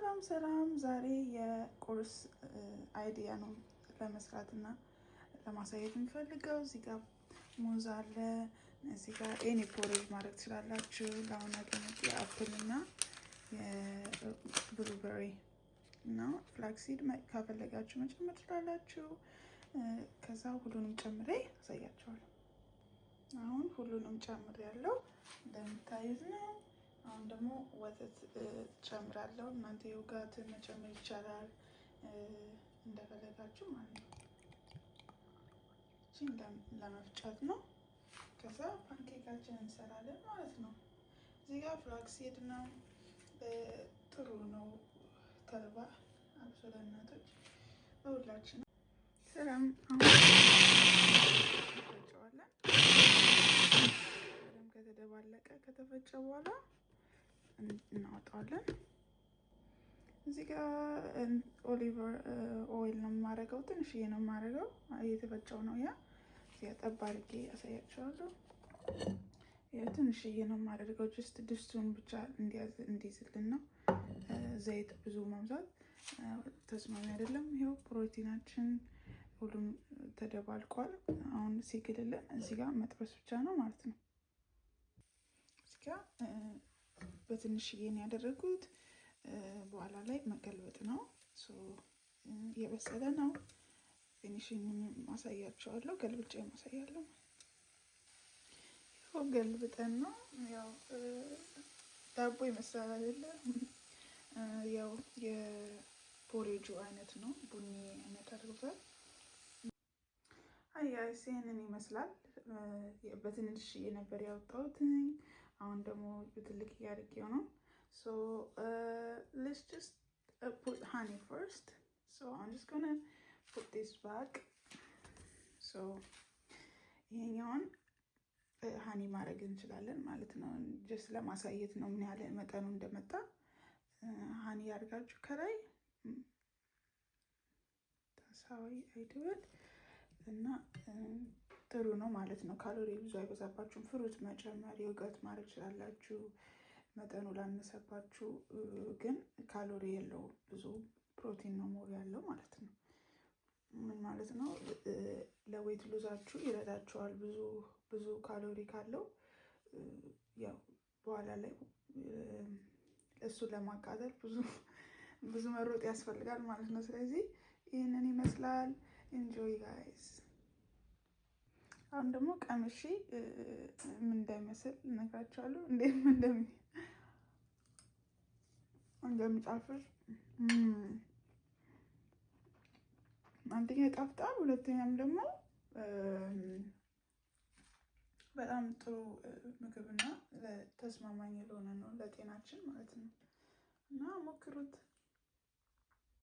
ሰላም ሰላም፣ ዛሬ የቁርስ አይዲያ ነው ለመስራት እና ለማሳየት የምንፈልገው እዚህ ጋር ሙዝ አለ። እዚህ ጋር ኤኒ ፖሬጅ ማድረግ ትችላላችሁ። ለአሁን ያገኘሁት የአፕል እና የብሉበሪ እና ፍላክሲድ ካፈለጋችሁ መጨመር ትችላላችሁ። ከዛ ሁሉንም ጨምሬ አሳያችኋለሁ። አሁን ሁሉንም ጨምሬ ያለው እንደምታዩት ነው። አሁን ደግሞ ወተት ጨምራለሁ። እናንተ ዮጋት መጨመር ይቻላል እንደፈለጋችሁ ማለት ነው። እቺን ለመፍጨት ነው። ከዛ ፓንኬካችን እንሰራለን ማለት ነው። እዚህ ጋር ፍላክሲድ ነው፣ ጥሩ ነው። ተልባ አብሶ ለእናቶች ለሁላችን ሰላም ከተደባለቀ ከተፈጨ በኋላ እናወጣዋለን። እዚህ ጋር ኦሊቨር ኦይል ነው የማደርገው፣ ትንሽዬ ነው የማደርገው። እየተፈጨው ነው ያ እዚህ ጠብ አድርጌ ያሳያቸዋለሁ። ትንሽዬ ነው የማደርገው፣ ጅስት ድስቱን ብቻ እንዲይዝልን ነው። ዘይት ብዙ መብዛት ተስማሚ አይደለም። ይኸው ፕሮቲናችን ሁሉም ተደባልቋል። አሁን ሲግልልን እዚህ ጋር መጥበስ ብቻ ነው ማለት ነው። እዚህ ጋር በትንሽዬ ነው ያደረጉት። በኋላ ላይ መገልበጥ ነው። የበሰለ ነው። ፊኒሽን ማሳያቸዋለሁ። ገልብጬ ማሳያለሁ። ያው ገልብጠን ነው ያው ዳቦ ይመስላል አይደለ? ያው የፖሬጁ አይነት ነው። ቡኒ አይነት አድርጓል። አያ ይህንን ይመስላል። በትንሽ ነበር ያወጣሁትኝ። አሁን ደግሞ ትልቅ እያደረገው ነው። ሶ ሌትስ ጀስት ፑት ሃኒ ፈርስት ሶ አም ጀስት ጎነ ፑት ዲስ ባክ ሶ ይሄኛውን ሃኒ ማድረግ እንችላለን ማለት ነው። ጀስት ለማሳየት ነው ምን ያህል መጠኑ እንደመጣ ሃኒ ያድርጋችሁ ከላይ ታሳዊ አይድወል እና ጥሩ ነው ማለት ነው። ካሎሪ ብዙ አይበዛባችሁም። ፍሩት መጨመር፣ የወገት ማድረግ ይችላላችሁ። መጠኑ ላነሰባችሁ ግን ካሎሪ የለውም ብዙ ፕሮቲን ነው ሞር ያለው ማለት ነው። ምን ማለት ነው? ለዌት ሉዛችሁ ይረዳችኋል። ብዙ ብዙ ካሎሪ ካለው ያው በኋላ ላይ እሱን ለማቃጠል ብዙ ብዙ መሮጥ ያስፈልጋል ማለት ነው። ስለዚህ ይህንን ይመስላል። ኢንጆይ ጋይስ አሁን ደግሞ ቀምሼ ምን እንዳይመስል እነግራቸዋለሁ። እንዴት እንደሚ እንደሚጣፍጥ አንደኛ ጣፍጣል፣ ሁለተኛም ደግሞ በጣም ጥሩ ምግብና ተስማማኝ የሆነ ነው ለጤናችን ማለት ነው እና ሞክሩት።